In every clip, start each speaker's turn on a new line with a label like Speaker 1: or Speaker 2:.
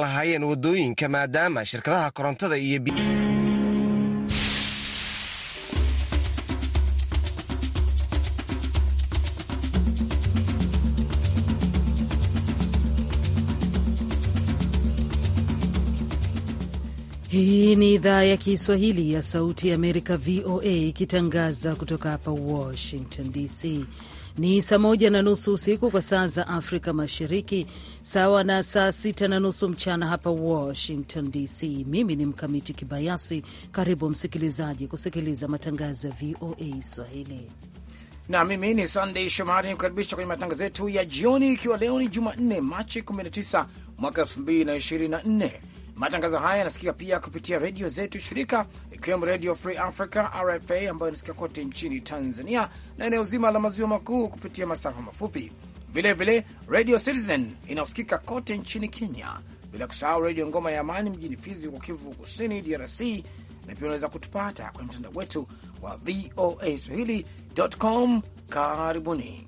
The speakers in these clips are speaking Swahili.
Speaker 1: lahaayeen wadooyinka maadaama shirkadaha korontada iyo
Speaker 2: Hii ni idhaa ya Kiswahili ya Sauti ya Amerika, VOA, ikitangaza kutoka hapa Washington DC. Ni saa moja na nusu usiku kwa saa za Afrika Mashariki, sawa na saa sita na nusu mchana hapa Washington DC. Mimi ni Mkamiti Kibayasi. Karibu msikilizaji kusikiliza matangazo ya VOA Swahili
Speaker 3: na mimi ni Sandey Shomari ni kukaribisha kwenye matangazo yetu ya jioni, ikiwa leo ni Jumanne Machi 19 mwaka 2024. Matangazo haya yanasikika pia kupitia redio zetu shirika ikiwemo Radio Free Africa RFA ambayo inasikia kote nchini Tanzania na eneo zima la maziwa makuu kupitia masafa mafupi, vilevile Radio Citizen inayosikika kote nchini Kenya, bila kusahau Redio Ngoma ya Amani mjini Fizi kwa Kivu Kusini, DRC. Na pia unaweza kutupata kwenye mtandao wetu wa VOA Swahili.com. Karibuni.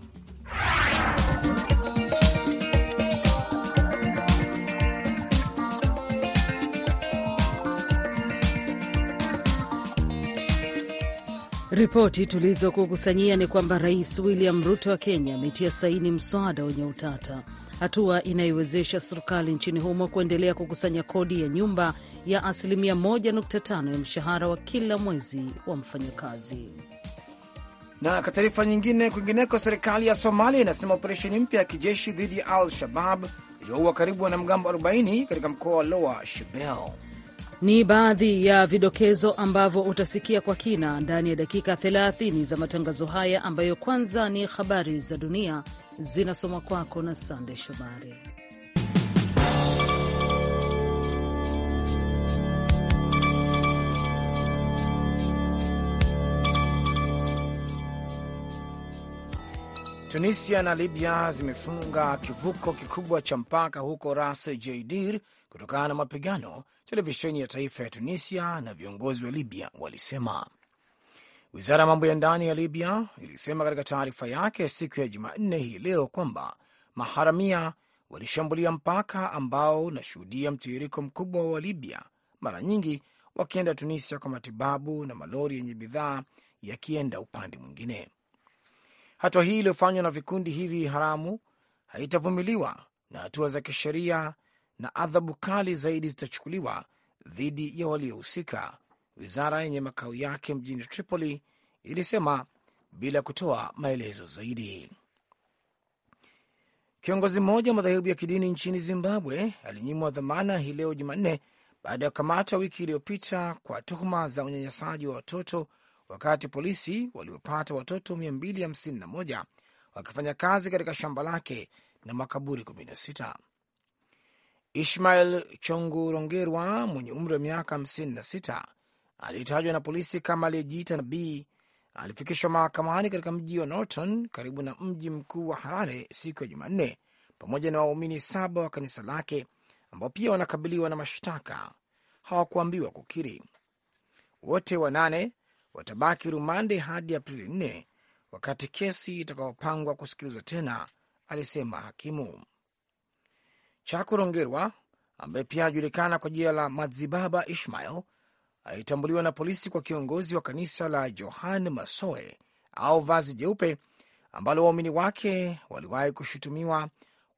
Speaker 2: Ripoti tulizokukusanyia ni kwamba Rais William Ruto wa Kenya ametia saini mswada wenye utata, hatua inayowezesha serikali nchini humo kuendelea kukusanya kodi ya nyumba ya asilimia 1.5 ya mshahara wa kila mwezi wa mfanyakazi.
Speaker 3: Na kwa taarifa nyingine, kwingineko, serikali ya Somalia inasema operesheni mpya ya kijeshi dhidi ya Al Shabab iliyoua karibu wanamgambo 40 katika mkoa wa Lower Shebelle
Speaker 2: ni baadhi ya vidokezo ambavyo utasikia kwa kina ndani ya dakika 30 za matangazo haya, ambayo kwanza ni habari za dunia zinasomwa kwako na Sande Shomari.
Speaker 3: Tunisia na Libya zimefunga kivuko kikubwa cha mpaka huko Ras Jdir kutokana na mapigano televisheni ya taifa ya Tunisia na viongozi wa Libya walisema. Wizara ya mambo ya ndani ya Libya ilisema katika taarifa yake siku ya Jumanne hii leo kwamba maharamia walishambulia mpaka ambao unashuhudia mtiririko mkubwa wa Libya, mara nyingi wakienda Tunisia kwa matibabu na malori yenye bidhaa yakienda upande mwingine. Hatua hii iliyofanywa na vikundi hivi haramu haitavumiliwa na hatua za kisheria na adhabu kali zaidi zitachukuliwa dhidi ya waliohusika, wizara yenye makao yake mjini Tripoli ilisema bila kutoa maelezo zaidi. Kiongozi mmoja wa madhehebu ya kidini nchini Zimbabwe alinyimwa dhamana hii leo Jumanne baada ya kukamata wiki iliyopita kwa tuhuma za unyanyasaji wa watoto, wakati polisi waliopata watoto 251 wakifanya kazi katika shamba lake na makaburi 16. Ishmael Chongurongerwa mwenye umri wa miaka 56 aliyetajwa na polisi kama aliyejiita nabii alifikishwa mahakamani katika mji wa Norton karibu na mji mkuu wa Harare siku ya Jumanne pamoja na waumini saba wa kanisa lake ambao pia wanakabiliwa na mashtaka. Hawakuambiwa kukiri. Wote wanane watabaki rumande hadi Aprili 4 wakati kesi itakaopangwa kusikilizwa tena, alisema hakimu. Chakurongerwa ambaye pia anajulikana kwa jina la Madzibaba Ishmael alitambuliwa na polisi kwa kiongozi wa kanisa la Johan Masoe au vazi jeupe ambalo waumini wake waliwahi kushutumiwa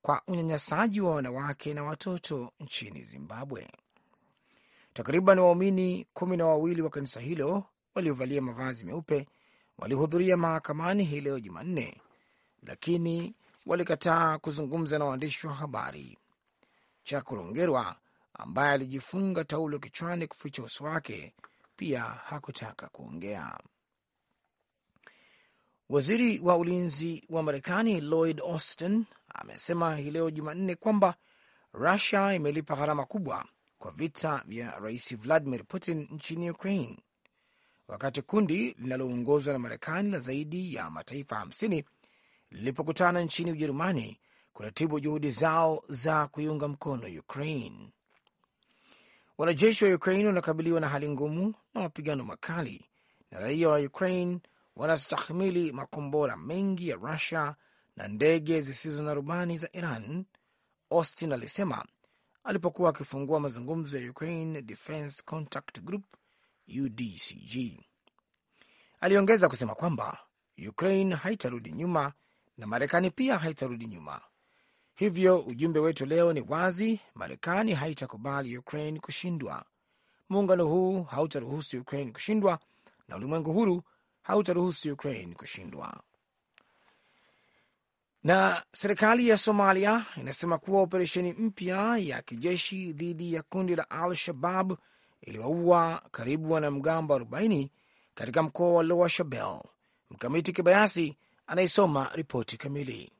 Speaker 3: kwa unyanyasaji wa wanawake na watoto nchini Zimbabwe. Takriban waumini kumi na wawili wa kanisa hilo waliovalia mavazi meupe walihudhuria mahakamani hii leo Jumanne, lakini walikataa kuzungumza na waandishi wa habari cha Kurongerwa, ambaye alijifunga taulo kichwani kuficha uso wake, pia hakutaka kuongea. Waziri wa ulinzi wa Marekani Lloyd Austin amesema hii leo Jumanne kwamba Rusia imelipa gharama kubwa kwa vita vya Rais Vladimir Putin nchini Ukraine, wakati kundi linaloongozwa na Marekani la zaidi ya mataifa 50 lilipokutana nchini Ujerumani kuratibu juhudi zao za kuiunga mkono Ukraine. Wanajeshi wa Ukraine wanakabiliwa na hali ngumu na mapigano makali, na raia wa Ukraine wanastahimili makombora mengi ya Rusia na ndege zisizo na rubani za Iran, Austin alisema alipokuwa akifungua mazungumzo ya Ukraine Defense Contact Group UDCG. Aliongeza kusema kwamba Ukraine haitarudi nyuma na Marekani pia haitarudi nyuma. Hivyo ujumbe wetu leo ni wazi, Marekani haitakubali Ukraine kushindwa. Muungano huu hautaruhusu Ukraine kushindwa na ulimwengu huru hautaruhusu Ukraine kushindwa. Na serikali ya Somalia inasema kuwa operesheni mpya ya kijeshi dhidi ya kundi la Al-Shabab iliwaua karibu wanamgambo 40 katika mkoa wa Lower Shabelle. Mkamiti Kibayasi anaisoma ripoti kamili.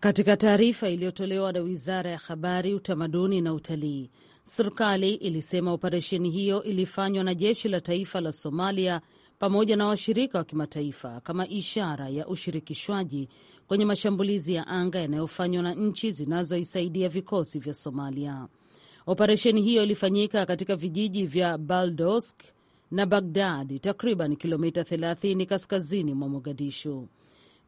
Speaker 2: Katika taarifa iliyotolewa na wizara ya habari, utamaduni na utalii, serikali ilisema operesheni hiyo ilifanywa na jeshi la taifa la Somalia pamoja na washirika wa kimataifa kama ishara ya ushirikishwaji kwenye mashambulizi ya anga yanayofanywa na nchi zinazoisaidia vikosi vya Somalia. Operesheni hiyo ilifanyika katika vijiji vya Baldosk na Bagdad, takriban kilomita 30 kaskazini mwa Mogadishu.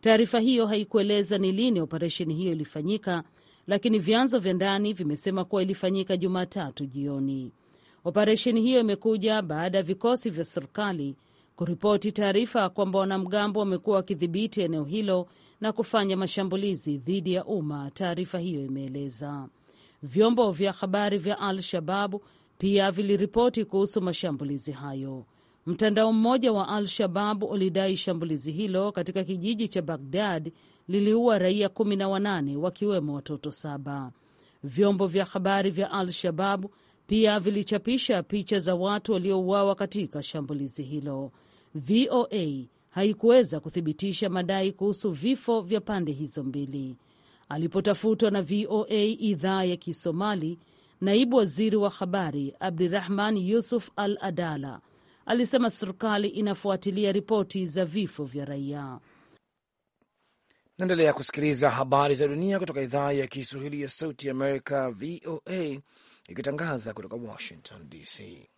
Speaker 2: Taarifa hiyo haikueleza ni lini operesheni hiyo ilifanyika, lakini vyanzo vya ndani vimesema kuwa ilifanyika Jumatatu jioni. Operesheni hiyo imekuja baada ya vikosi vya serikali kuripoti taarifa kwamba wanamgambo wamekuwa wakidhibiti eneo hilo na kufanya mashambulizi dhidi ya umma, taarifa hiyo imeeleza. Vyombo vya habari vya Al Shababu pia viliripoti kuhusu mashambulizi hayo. Mtandao mmoja wa Al-Shabab ulidai shambulizi hilo katika kijiji cha Bagdad liliua raia 18 na wakiwemo watoto saba. Vyombo vya habari vya Al-Shabab pia vilichapisha picha za watu waliouawa katika shambulizi hilo. VOA haikuweza kuthibitisha madai kuhusu vifo vya pande hizo mbili. Alipotafutwa na VOA idhaa ya Kisomali, naibu waziri wa habari Abdirahman Yusuf Al Adala alisema serikali inafuatilia ripoti za vifo vya raia.
Speaker 3: Naendelea kusikiliza habari za dunia kutoka idhaa ya Kiswahili ya Sauti Amerika, VOA, ikitangaza kutoka Washington DC.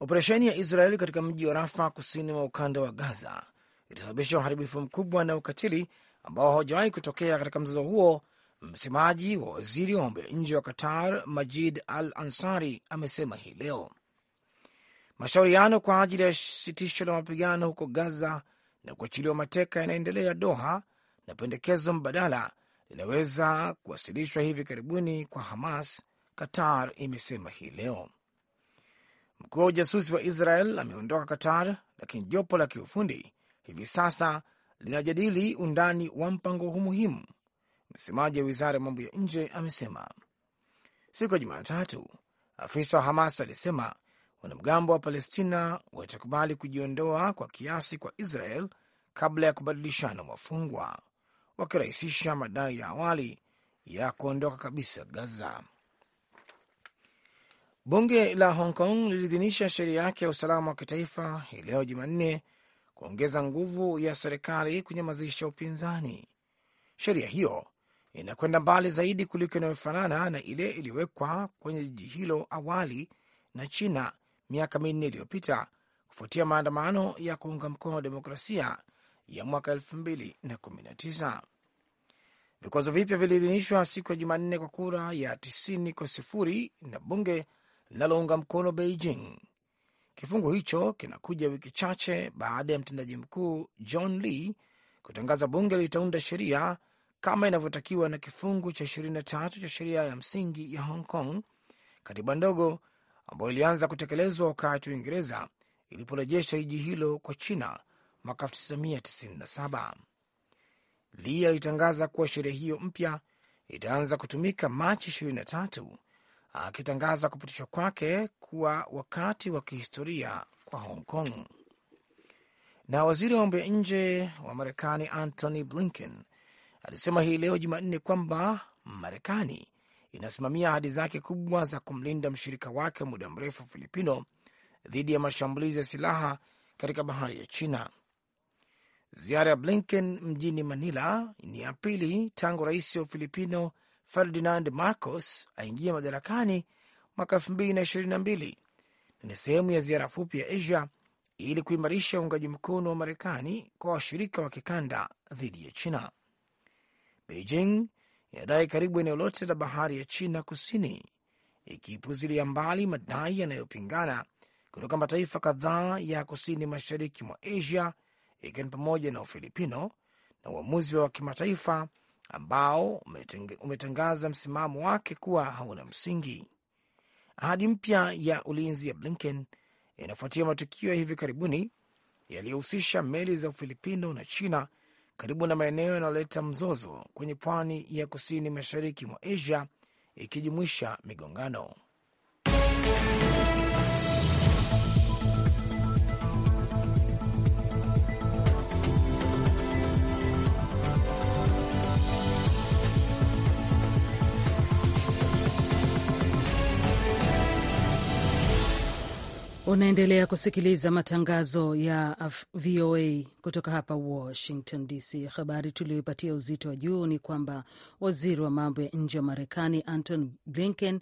Speaker 3: Operesheni ya Israeli katika mji wa Rafa, kusini mwa ukanda wa Gaza, itasababisha uharibifu mkubwa na ukatili ambao hawajawahi kutokea katika mzozo huo. Msemaji wa waziri wa mambo ya nje wa Qatar, Majid Al Ansari, amesema hii leo Mashauriano kwa ajili ya sitisho la mapigano huko Gaza na kuachiliwa mateka yanaendelea Doha, na pendekezo mbadala linaweza kuwasilishwa hivi karibuni kwa Hamas, Qatar imesema hii leo. Mkuu wa ujasusi wa Israel ameondoka Qatar, lakini jopo la kiufundi hivi sasa linajadili undani wa mpango huu muhimu. Msemaji wa wizara ya mambo ya nje amesema siku ya Jumatatu afisa wa Hamas alisema wanamgambo wa Palestina watakubali kujiondoa kwa kiasi kwa Israel kabla ya kubadilishana wafungwa, wakirahisisha madai ya awali ya kuondoka kabisa Gaza. Bunge la Hong Kong liliidhinisha sheria yake ya usalama wa kitaifa hii leo Jumanne, kuongeza nguvu ya serikali kunyamazisha upinzani. Sheria hiyo inakwenda mbali zaidi kuliko inayofanana na ile iliyowekwa kwenye jiji hilo awali na China miaka minne iliyopita kufuatia maandamano ya kuunga mkono demokrasia ya mwaka 2019. Vikwazo vipya viliidhinishwa siku ya Jumanne kwa kura ya 90 kwa sifuri na bunge linalounga mkono Beijing. Kifungu hicho kinakuja wiki chache baada ya mtendaji mkuu John Lee kutangaza bunge litaunda sheria kama inavyotakiwa na kifungu cha 23 cha sheria ya msingi ya Hong Kong, katiba ndogo ambayo ilianza kutekelezwa wakati Uingereza iliporejesha jiji hilo kwa China mwaka 1997. Li alitangaza kuwa sheria hiyo mpya itaanza kutumika Machi 23, akitangaza kupitishwa kwake kuwa wakati wa kihistoria kwa Hong Kong. Na waziri wa mambo ya nje wa Marekani Antony Blinken alisema hii leo Jumanne kwamba Marekani inasimamia ahadi zake kubwa za kumlinda mshirika wake muda mrefu Filipino dhidi ya mashambulizi ya silaha katika bahari ya China. Ziara ya Blinken mjini Manila ni ya pili tangu rais wa Filipino Ferdinand Marcos aingia madarakani mwaka 2022 na ni sehemu ya ziara fupi ya Asia ili kuimarisha uungaji mkono wa Marekani kwa washirika wa kikanda dhidi ya China. Beijing inadai karibu eneo lote la bahari ya China kusini ikipuzilia mbali madai yanayopingana kutoka mataifa kadhaa ya kusini mashariki mwa Asia ikiwa ni pamoja na Ufilipino na uamuzi wa kimataifa ambao umetangaza msimamo wake kuwa hauna msingi. Ahadi mpya ya ulinzi ya Blinken inafuatia matukio ya hivi karibuni yaliyohusisha meli za Ufilipino na China karibu na maeneo yanayoleta mzozo kwenye pwani ya kusini mashariki mwa Asia ikijumuisha migongano
Speaker 2: Unaendelea kusikiliza matangazo ya VOA kutoka hapa Washington DC. Habari tuliyoipatia uzito wa juu ni kwamba waziri wa mambo ya nje wa Marekani Anton Blinken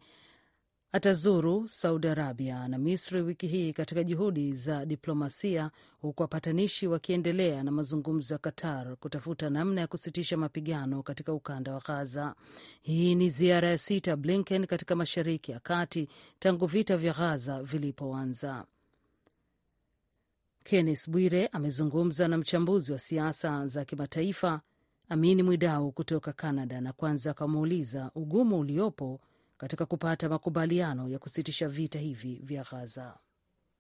Speaker 2: atazuru Saudi Arabia na Misri wiki hii katika juhudi za diplomasia, huku wapatanishi wakiendelea na mazungumzo ya Qatar kutafuta namna ya kusitisha mapigano katika ukanda wa Ghaza. Hii ni ziara ya sita Blinken katika Mashariki ya Kati tangu vita vya Ghaza vilipoanza. Kennes Bwire amezungumza na mchambuzi wa siasa za kimataifa Amini Mwidau kutoka Canada, na kwanza akamuuliza ugumu uliopo katika kupata makubaliano ya kusitisha vita hivi vya Gaza.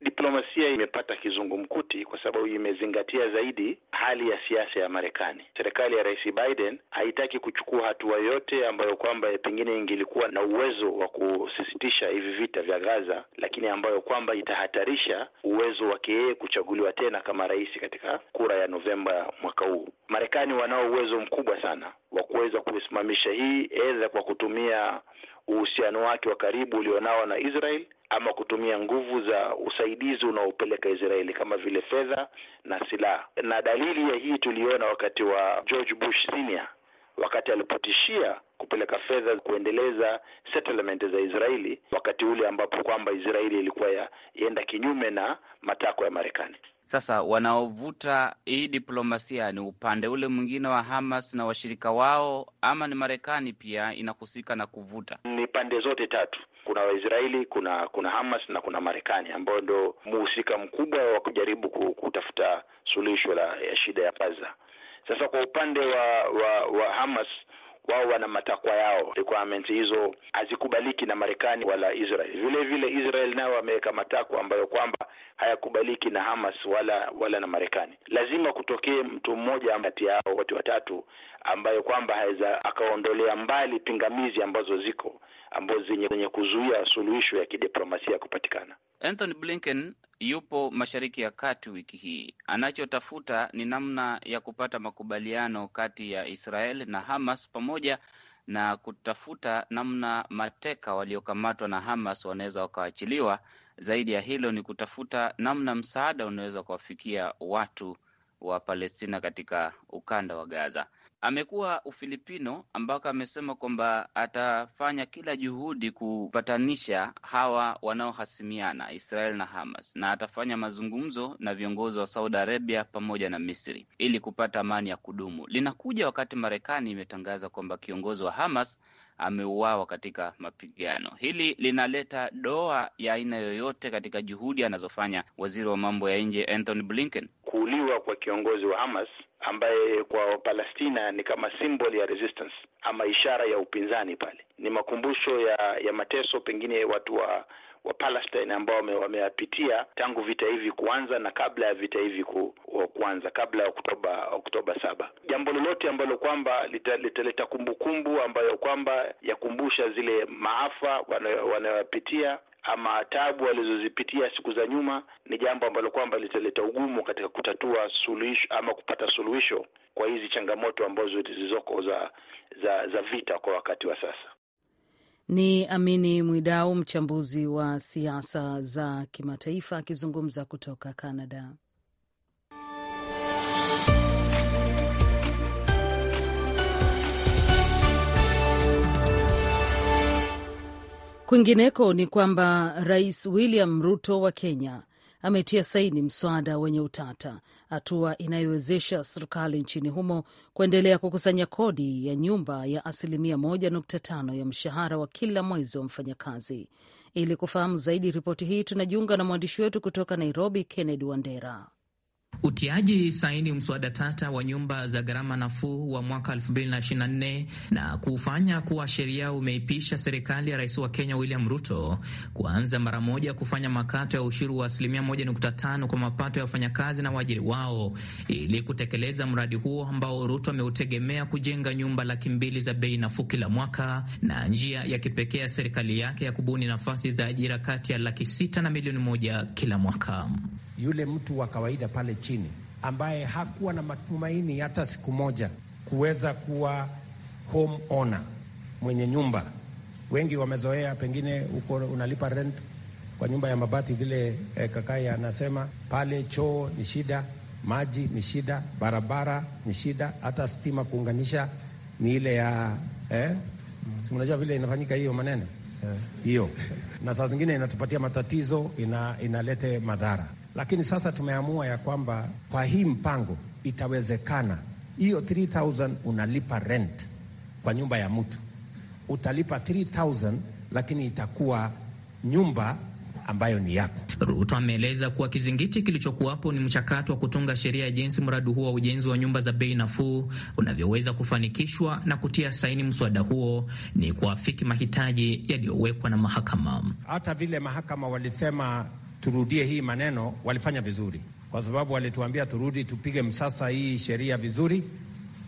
Speaker 4: Diplomasia imepata kizungumkuti kwa sababu imezingatia zaidi hali ya siasa ya Marekani. Serikali ya Rais Biden haitaki kuchukua hatua yote ambayo kwamba pengine ingilikuwa na uwezo wa kusisitisha hivi vita vya Gaza, lakini ambayo kwamba itahatarisha uwezo wake yeye kuchaguliwa tena kama rais katika kura ya Novemba mwaka huu. Marekani wanao uwezo mkubwa sana wa kuweza kusimamisha hii, aidha kwa kutumia uhusiano wake wa karibu ulionao na Israel ama kutumia nguvu za usaidizi unaopeleka Israeli kama vile fedha na silaha. Na dalili ya hii tuliona wakati wa George Bush Senior wakati alipotishia kupeleka fedha kuendeleza settlement za Israeli, wakati ule ambapo kwamba Israeli ilikuwa yaenda kinyume na matakwa ya
Speaker 1: Marekani. Sasa wanaovuta hii diplomasia ni upande ule mwingine wa Hamas na washirika wao, ama ni Marekani pia inahusika na kuvuta?
Speaker 4: Ni pande zote tatu, kuna Waisraeli, kuna kuna Hamas na kuna Marekani, ambao ndo mhusika mkubwa wa kujaribu kutafuta suluhisho la ya shida ya Gaza. Sasa kwa upande wa, wa, wa Hamas wao wana matakwa yao. Requirements hizo hazikubaliki na Marekani wala Israel. Vile vile Israel nao wameweka matakwa ambayo kwamba hayakubaliki na Hamas wala wala na Marekani. Lazima kutokee mtu mmoja kati yao wote watatu ambayo kwamba haweza akaondolea mbali pingamizi ambazo ziko ambazo zenye kuzuia suluhisho ya kidiplomasia kupatikana.
Speaker 1: Anthony Blinken yupo Mashariki ya Kati wiki hii. Anachotafuta ni namna ya kupata makubaliano kati ya Israel na Hamas pamoja na kutafuta namna mateka waliokamatwa na Hamas wanaweza wakaachiliwa. Zaidi ya hilo ni kutafuta namna msaada unaweza kuwafikia watu wa Palestina katika ukanda wa Gaza amekuwa Ufilipino, ambako amesema kwamba atafanya kila juhudi kupatanisha hawa wanaohasimiana Israel na Hamas, na atafanya mazungumzo na viongozi wa Saudi Arabia pamoja na Misri ili kupata amani ya kudumu. Linakuja wakati Marekani imetangaza kwamba kiongozi wa Hamas ameuawa katika mapigano. Hili linaleta doa ya aina yoyote katika juhudi anazofanya waziri wa mambo ya nje Anthony Blinken.
Speaker 4: Kuuliwa kwa kiongozi wa Hamas ambaye kwa Palestina ni kama symbol ya resistance ama ishara ya upinzani pale. Ni makumbusho ya ya mateso pengine watu wa wa Palestine ambao wameyapitia tangu vita hivi kuanza na kabla ya vita hivi ku, kuanza kabla ya Oktoba Oktoba saba. Jambo lolote ambalo kwamba litaleta lita kumbukumbu ambayo kwamba yakumbusha zile maafa wanayopitia ama tabu alizozipitia siku za nyuma, ni jambo ambalo kwamba litaleta ugumu katika kutatua suluhisho ama kupata suluhisho kwa hizi changamoto ambazo zilizoko za, za, za vita kwa wakati wa sasa.
Speaker 2: Ni Amini Mwidau, mchambuzi wa siasa za kimataifa akizungumza kutoka Canada. Kwingineko ni kwamba Rais William Ruto wa Kenya ametia saini mswada wenye utata, hatua inayowezesha serikali nchini humo kuendelea kukusanya kodi ya nyumba ya asilimia 1.5 ya mshahara wa kila mwezi wa mfanyakazi. Ili kufahamu zaidi ripoti hii, tunajiunga na mwandishi wetu kutoka Nairobi, Kennedy Wandera.
Speaker 5: Utiaji saini mswada tata wa nyumba za gharama nafuu wa mwaka 2024 na kuufanya kuwa sheria umeipisha serikali ya rais wa Kenya William Ruto kuanza mara moja kufanya makato ya ushuru wa asilimia 1.5 kwa mapato ya wafanyakazi na waajiri wao ili kutekeleza mradi huo ambao Ruto ameutegemea kujenga nyumba laki mbili za bei nafuu kila mwaka na njia ya kipekee ya serikali yake ya kubuni nafasi za ajira kati ya laki sita na milioni moja kila mwaka
Speaker 6: yule mtu wa kawaida pale chini ambaye hakuwa na matumaini hata siku moja kuweza kuwa home owner, mwenye nyumba. Wengi wamezoea pengine huko unalipa rent kwa nyumba ya mabati vile eh, kakai anasema pale, choo ni shida, maji ni shida, barabara ni shida, hata stima kuunganisha ni ile ya eh? Si unajua vile inafanyika hiyo maneno eh. hiyo yeah. Na saa zingine inatupatia matatizo ina, inalete madhara lakini sasa tumeamua ya kwamba kwa hii mpango itawezekana. Hiyo 3000 unalipa rent kwa nyumba ya mtu, utalipa 3000 lakini itakuwa nyumba ambayo ni yako.
Speaker 5: Ruto ameeleza kuwa kizingiti kilichokuwapo ni mchakato wa kutunga sheria ya jinsi mradi huo wa ujenzi wa nyumba za bei nafuu unavyoweza kufanikishwa, na kutia saini mswada huo ni kuafiki mahitaji yaliyowekwa na
Speaker 7: mahakama.
Speaker 6: Hata vile mahakama walisema turudie hii maneno, walifanya vizuri, kwa sababu walituambia turudi tupige msasa hii sheria vizuri.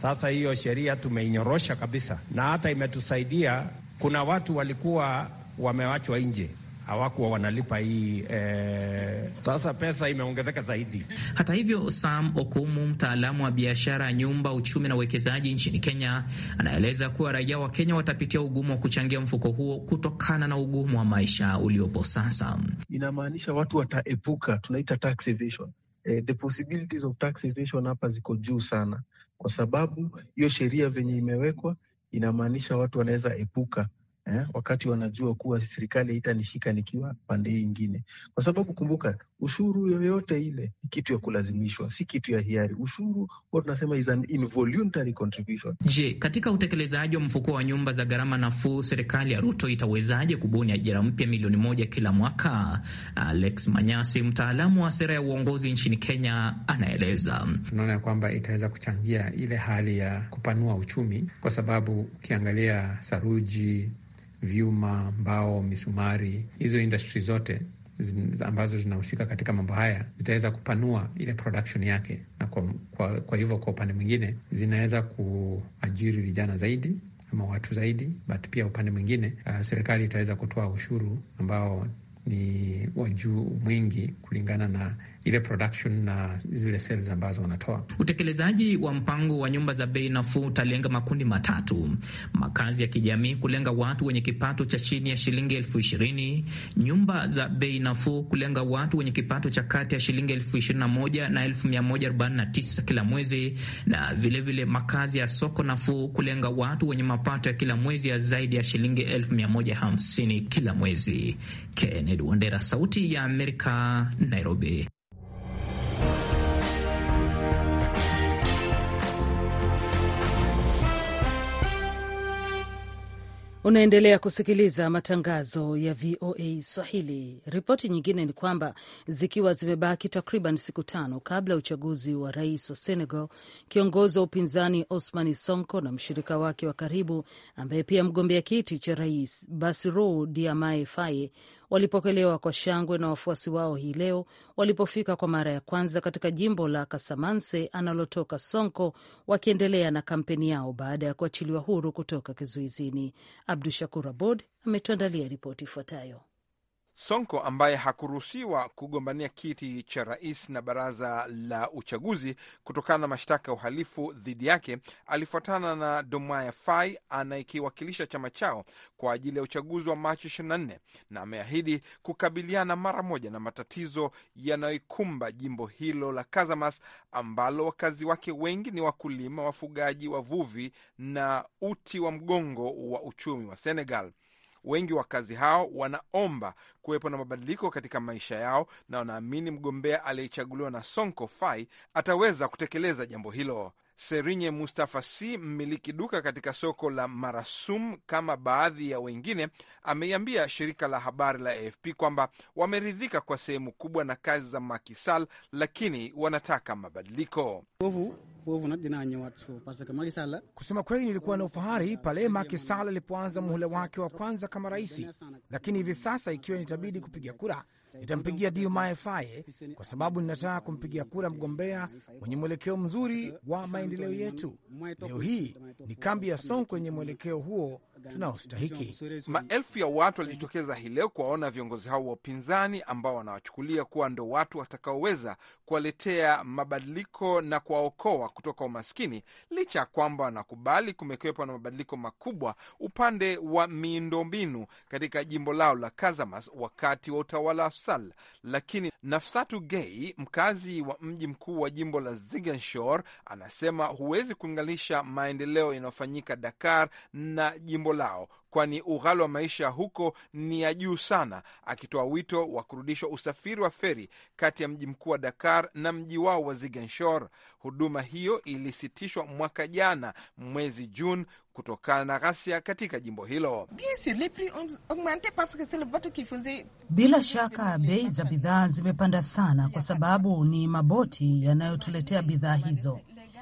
Speaker 6: Sasa hiyo sheria tumeinyorosha kabisa, na hata imetusaidia. Kuna watu walikuwa wamewachwa nje hawakuwa wanalipa hii eh. Sasa pesa imeongezeka
Speaker 5: zaidi. Hata hivyo, Sam Okumu, mtaalamu wa biashara ya nyumba, uchumi na uwekezaji nchini Kenya, anaeleza kuwa raia wa Kenya watapitia ugumu wa kuchangia mfuko huo kutokana na ugumu wa maisha uliopo sasa.
Speaker 6: Inamaanisha watu wataepuka, tunaita tax evasion. Eh, the possibilities of tax evasion hapa ziko juu sana, kwa sababu hiyo sheria venye imewekwa inamaanisha watu wanaweza epuka eh, wakati wanajua kuwa serikali itanishika nikiwa pande hii ingine, kwa sababu kumbuka, ushuru yoyote ile ni kitu ya kulazimishwa, si kitu ya hiari. Ushuru huwa tunasema is an involuntary contribution.
Speaker 5: Je, katika utekelezaji wa mfuko wa nyumba za gharama nafuu, serikali ya Ruto itawezaje kubuni ajira mpya milioni moja kila mwaka? Alex Manyasi, mtaalamu wa sera ya uongozi nchini Kenya, anaeleza.
Speaker 6: Tunaona kwamba itaweza kuchangia ile hali ya kupanua uchumi, kwa sababu ukiangalia saruji vyuma, mbao, misumari, hizo industry zote ambazo zinahusika katika mambo haya zitaweza kupanua ile production yake, na kwa, kwa, kwa hivyo kwa upande mwingine zinaweza kuajiri vijana zaidi ama watu zaidi, but pia upande mwingine uh, serikali itaweza kutoa ushuru ambao ni wa juu mwingi kulingana na ile production na zile sales ambazo wanatoa.
Speaker 5: Utekelezaji wa mpango wa nyumba za bei nafuu utalenga makundi matatu: makazi ya kijamii kulenga watu wenye kipato cha chini ya shilingi elfu ishirini, nyumba za bei nafuu kulenga watu wenye kipato cha kati ya shilingi elfu ishirini na moja na elfu mia moja arobaini na tisa kila mwezi, na vilevile vile makazi ya soko nafuu kulenga watu wenye mapato ya kila mwezi ya zaidi ya shilingi elfu mia moja hamsini kila mwezi. Kennedy Kennedy Wandera, Sauti ya Amerika, Nairobi.
Speaker 2: Unaendelea kusikiliza matangazo ya VOA Swahili. Ripoti nyingine ni kwamba zikiwa zimebaki takriban siku tano kabla ya uchaguzi wa rais wa Senegal, kiongozi wa upinzani Osmani Sonko na mshirika wake wa karibu ambaye pia mgombea kiti cha rais basiru Diomaye Faye walipokelewa kwa shangwe na wafuasi wao hii leo walipofika kwa mara ya kwanza katika jimbo la Kasamanse analotoka Sonko, wakiendelea na kampeni yao baada ya kuachiliwa huru kutoka kizuizini. Abdu Shakur Abod ametuandalia ripoti ifuatayo.
Speaker 8: Sonko ambaye hakuruhusiwa kugombania kiti cha rais na baraza la uchaguzi kutokana na mashtaka ya uhalifu dhidi yake, alifuatana na Domaya Faye anayekiwakilisha chama chao kwa ajili ya uchaguzi wa Machi 24 na ameahidi kukabiliana mara moja na matatizo yanayoikumba jimbo hilo la Kazamas ambalo wakazi wake wengi ni wakulima, wafugaji, wavuvi na uti wa mgongo wa uchumi wa Senegal. Wengi wa kazi hao wanaomba kuwepo na mabadiliko katika maisha yao na wanaamini mgombea aliyechaguliwa na Sonko Fai ataweza kutekeleza jambo hilo. Serinye Mustafa si mmiliki duka katika soko la Marasum kama baadhi ya wengine, ameiambia shirika la habari la AFP kwamba wameridhika kwa sehemu kubwa na kazi za Makisal, lakini wanataka mabadiliko.
Speaker 3: Kusema kweli, nilikuwa na ufahari pale Macky Sall alipoanza muhula wake wa kwanza kama rais, lakini hivi sasa ikiwa nitabidi kupiga kura Nitampigia Diomaye Faye kwa sababu ninataka kumpigia kura mgombea mwenye mwelekeo mzuri wa maendeleo yetu. Leo hii ni kambi ya Sonko yenye mwelekeo huo
Speaker 8: tunaostahiki. Maelfu ya watu walijitokeza hii leo kuwaona viongozi hao wa upinzani ambao wanawachukulia kuwa ndo watu watakaoweza kuwaletea mabadiliko na kuwaokoa kutoka umaskini, licha ya kwamba wanakubali kumekwepwa na mabadiliko makubwa upande wa miundombinu katika jimbo lao la Kazamas wakati wa utawala Faisal, lakini Nafsatu Gei, mkazi wa mji mkuu wa jimbo la Zigenshore, anasema huwezi kuinganisha maendeleo yanayofanyika Dakar na jimbo lao kwani ughali wa maisha huko ni ya juu sana, akitoa wito wa kurudishwa usafiri wa feri kati ya mji mkuu wa Dakar na mji wao wa Zigenshor. Huduma hiyo ilisitishwa mwaka jana mwezi Juni kutokana na ghasia katika jimbo hilo.
Speaker 2: Bila shaka bei za bidhaa zimepanda sana, kwa sababu ni maboti yanayotuletea bidhaa hizo.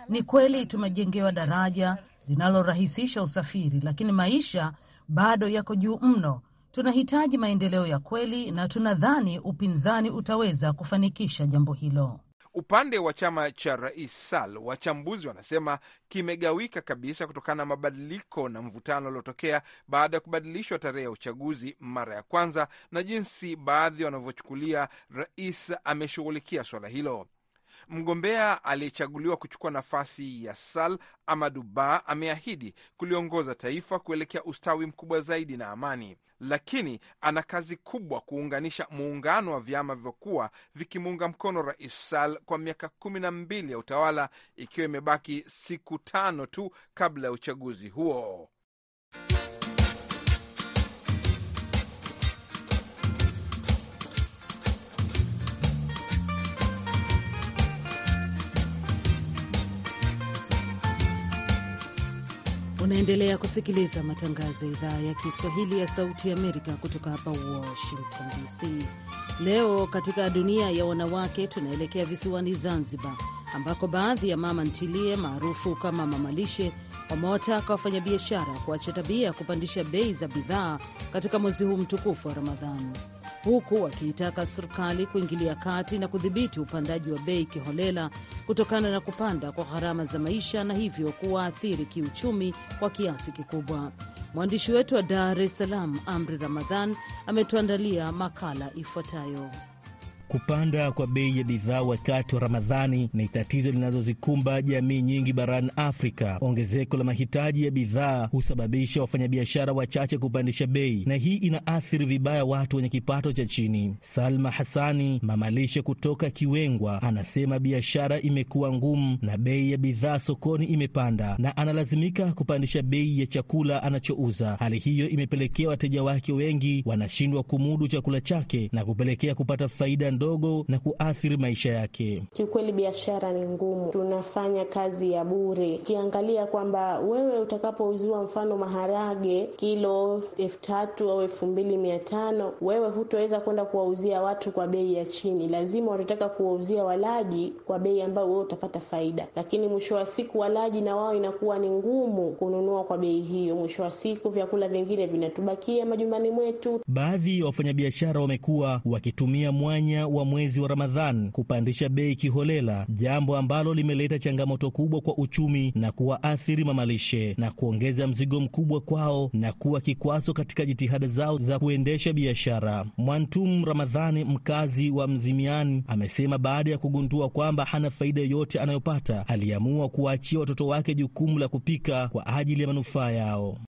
Speaker 2: Ni kweli tumejengewa daraja linalorahisisha usafiri, lakini maisha bado yako juu mno. Tunahitaji maendeleo ya kweli na tunadhani upinzani utaweza kufanikisha jambo hilo.
Speaker 8: Upande wa chama cha rais Sal, wachambuzi wanasema kimegawika kabisa kutokana na mabadiliko na mvutano uliotokea baada ya kubadilishwa tarehe ya uchaguzi mara ya kwanza na jinsi baadhi wanavyochukulia rais ameshughulikia suala hilo. Mgombea aliyechaguliwa kuchukua nafasi ya Sal amadu ba ameahidi kuliongoza taifa kuelekea ustawi mkubwa zaidi na amani, lakini ana kazi kubwa kuunganisha muungano wa vyama vilivyokuwa vikimuunga mkono Rais Sal kwa miaka kumi na mbili ya utawala, ikiwa imebaki siku tano tu kabla ya uchaguzi huo.
Speaker 2: Unaendelea kusikiliza matangazo ya idhaa ya Kiswahili ya Sauti ya Amerika kutoka hapa Washington DC. Leo katika dunia ya wanawake, tunaelekea visiwani Zanzibar, ambako baadhi ya mama ntilie maarufu kama mamalishe wamewataka wafanyabiashara kuacha tabia ya kupandisha bei za bidhaa katika mwezi huu mtukufu wa Ramadhani huku wakiitaka serikali kuingilia kati na kudhibiti upandaji wa bei kiholela kutokana na kupanda kwa gharama za maisha na hivyo kuwaathiri kiuchumi kwa kiasi kikubwa. Mwandishi wetu wa Dar es Salaam, Amri Ramadhan, ametuandalia makala ifuatayo.
Speaker 7: Kupanda kwa bei ya bidhaa wakati wa Ramadhani ni tatizo linazozikumba jamii nyingi barani Afrika. Ongezeko la mahitaji ya bidhaa husababisha wafanyabiashara wachache kupandisha bei, na hii inaathiri vibaya watu wenye kipato cha chini. Salma Hasani, mamalishe kutoka Kiwengwa, anasema biashara imekuwa ngumu na bei ya bidhaa sokoni imepanda, na analazimika kupandisha bei ya chakula anachouza. Hali hiyo imepelekea wateja wake wengi wanashindwa kumudu chakula chake na kupelekea kupata faida ndogo na kuathiri maisha yake. Kiukweli biashara ni ngumu, tunafanya kazi ya bure. Ukiangalia kwamba wewe utakapouziwa mfano maharage kilo elfu tatu au elfu mbili mia tano wewe hutoweza kwenda kuwauzia watu kwa bei ya chini, lazima watataka kuwauzia walaji kwa bei ambayo wewe utapata faida, lakini mwisho wa siku walaji na wao inakuwa ni ngumu kununua kwa bei hiyo. Mwisho wa siku vyakula vingine vinatubakia majumbani mwetu. Baadhi ya wafanyabiashara wamekuwa wakitumia mwanya wa mwezi wa Ramadhan kupandisha bei kiholela, jambo ambalo limeleta changamoto kubwa kwa uchumi na kuwaathiri mamalishe na kuongeza mzigo mkubwa kwao na kuwa kikwazo katika jitihada zao za kuendesha biashara. Mwantum Ramadhani, mkazi wa Mzimiani, amesema baada ya kugundua kwamba hana faida yoyote anayopata, aliamua kuwaachia watoto wake jukumu la kupika kwa ajili
Speaker 2: ya manufaa yao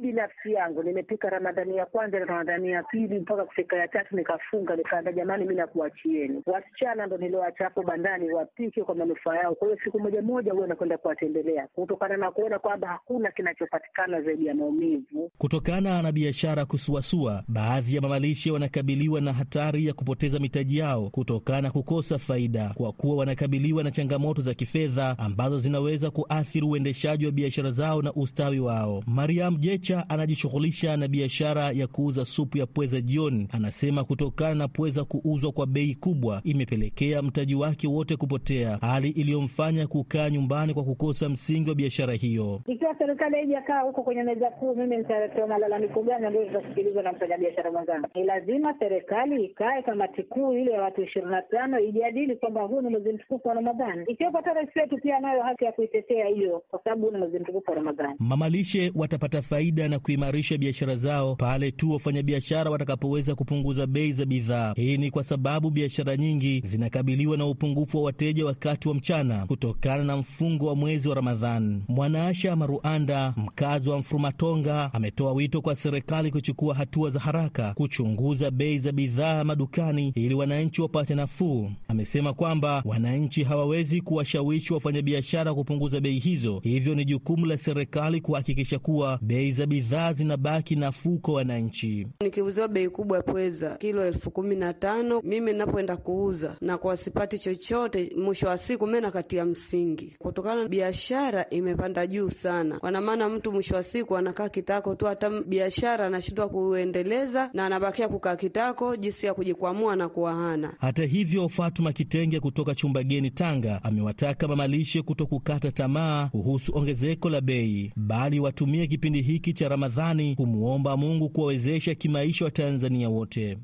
Speaker 2: mimi binafsi yangu nimepika Ramadhani ya kwanza na Ramadhani ya pili mpaka kufika ya tatu nikafunga, nikaambia jamani, mi nakuachieni wasichana ndo nilioacha hapo bandani wapike kwa manufaa yao. Kwa hiyo siku moja moja huwa nakwenda kuwatembelea kutokana na kuona kwamba hakuna kinachopatikana zaidi ya maumivu.
Speaker 7: Kutokana na biashara kusuasua, baadhi ya mamalishe wanakabiliwa na hatari ya kupoteza mitaji yao kutokana kukosa faida, kwa kuwa wanakabiliwa na changamoto za kifedha ambazo zinaweza kuathiri uendeshaji wa biashara zao na ustawi wao. Mariam Jech kucha anajishughulisha na biashara ya kuuza supu ya pweza jioni. Anasema kutokana na pweza kuuzwa kwa bei kubwa imepelekea mtaji wake wote kupotea, hali iliyomfanya kukaa nyumbani kwa kukosa msingi wa biashara hiyo.
Speaker 2: Ikiwa serikali haijakaa huko kwenye meza kuu, mimi nitatoa malalamiko gani ambayo itasikilizwa na mfanyabiashara mwenzangu? Ni lazima serikali ikae kamati kuu ile ya watu ishirini na tano ijadili kwamba huu ni mwezi mtukufu wa Ramadhani. Ikiwepo TARES yetu pia anayo haki ya kuitetea hiyo, kwa sababu huu ni mwezi mtukufu wa Ramadhani.
Speaker 7: Mamalishe watapata faida faida na kuimarisha biashara zao pale tu wafanyabiashara watakapoweza kupunguza bei za bidhaa. Hii ni kwa sababu biashara nyingi zinakabiliwa na upungufu wa wateja wakati wa mchana kutokana na mfungo wa mwezi wa Ramadhani. Mwanaasha Maruanda, mkazi wa Mfurumatonga, ametoa wito kwa serikali kuchukua hatua za haraka kuchunguza bei za bidhaa madukani ili wananchi wapate nafuu. Amesema kwamba wananchi hawawezi kuwashawishi wafanyabiashara kupunguza bei hizo, hivyo ni jukumu la serikali kuhakikisha kuwa bei za bidhaa zinabaki nafuu kwa wananchi.
Speaker 2: Nikiuziwa bei kubwa pweza kilo elfu kumi na tano mimi napoenda kuuza na kwa sipati chochote, mwisho wa siku mi nakatia msingi, kutokana na biashara imepanda juu sana. kwanamaana maana mtu mwisho wa siku anakaa kitako tu, hata biashara anashindwa kuendeleza na anabakia kukaa kitako, jinsi ya kujikwamua na kuwa hana.
Speaker 7: Hata hivyo, Fatuma Kitenge kutoka chumba geni Tanga amewataka mamalishe kuto kukata tamaa kuhusu ongezeko la bei, bali watumie kipindi hiki cha Ramadhani kumwomba Mungu kuwawezesha kimaisha Watanzania wote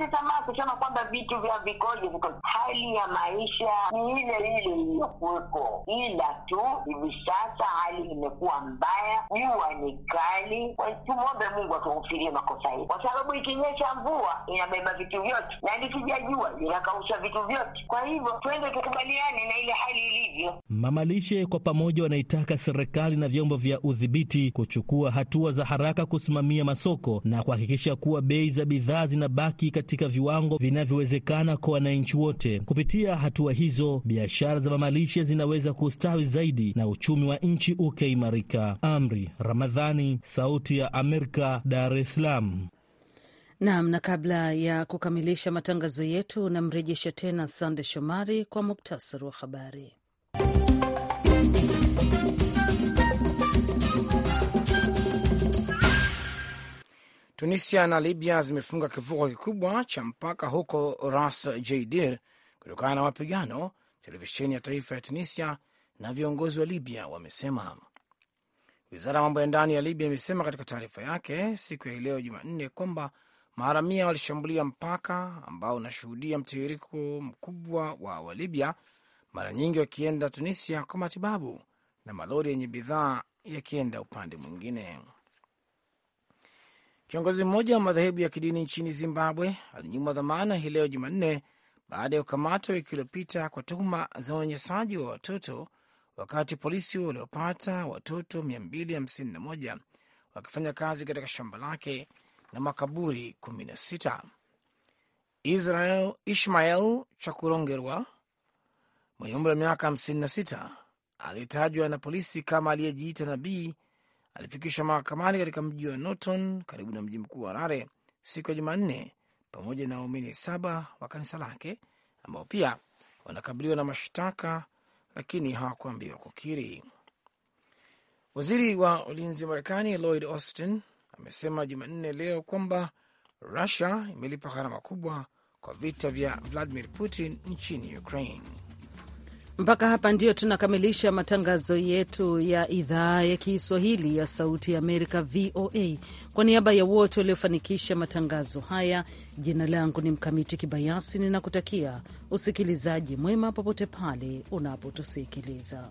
Speaker 6: Usikate tamaa kusema kwamba vitu vya vikoje, hali ya maisha ni
Speaker 5: ile ile iliyokuweko ila tu hivi sasa hali imekuwa mbaya, jua ni kali. Tumwombe Mungu atuhufirie makosa hii kwa sababu ikinyesha
Speaker 3: mvua inabeba vitu vyote, na yaani likija jua linakausha vitu vyote. Kwa hivyo twende tukubaliane
Speaker 1: na ile hali ilivyo.
Speaker 7: Mama lishe kwa pamoja wanaitaka serikali na vyombo vya udhibiti kuchukua hatua za haraka kusimamia masoko na kuhakikisha kuwa bei za bidhaa zinabaki katika katika viwango vinavyowezekana kwa wananchi wote. Kupitia hatua hizo, biashara za mamalishe zinaweza kustawi zaidi na uchumi wa nchi ukaimarika. Amri Ramadhani, Sauti ya Amerika, Dar es Salaam.
Speaker 2: Naam, na kabla ya kukamilisha matangazo yetu, namrejesha tena Sande Shomari kwa muktasari wa habari.
Speaker 3: Tunisia na Libya zimefunga kivuko kikubwa cha mpaka huko Ras Jdir kutokana na mapigano, televisheni ya taifa ya Tunisia na viongozi wa Libya wamesema. Wizara ya mambo ya ndani ya Libya imesema katika taarifa yake siku ya leo Jumanne kwamba maharamia walishambulia mpaka ambao unashuhudia mtiririko mkubwa wa Walibya, mara nyingi wakienda Tunisia kwa matibabu na malori yenye bidhaa yakienda upande mwingine. Kiongozi mmoja wa madhehebu ya kidini nchini Zimbabwe alinyimwa dhamana hii leo Jumanne baada ya kukamatwa wiki iliyopita kwa tuhuma za unyanyasaji wa watoto, wakati polisi waliopata watoto 251 wakifanya kazi katika shamba lake na makaburi 16. Israel Ishmael Chakurongerwa mwenye umri wa miaka 56 alitajwa na polisi kama aliyejiita nabii alifikishwa mahakamani katika mji wa Norton karibu na mji mkuu wa Harare siku ya Jumanne pamoja na waumini saba wa kanisa lake ambao pia wanakabiliwa na mashtaka lakini hawakuambiwa kukiri. Waziri wa ulinzi wa Marekani Lloyd Austin amesema Jumanne leo kwamba Rusia imelipa gharama kubwa kwa vita vya Vladimir Putin nchini Ukraine.
Speaker 2: Mpaka hapa ndio tunakamilisha matangazo yetu ya idhaa ya Kiswahili ya Sauti ya Amerika, VOA. Kwa niaba ya wote waliofanikisha matangazo haya, jina langu ni Mkamiti Kibayasi, ninakutakia usikilizaji mwema popote pale unapotusikiliza.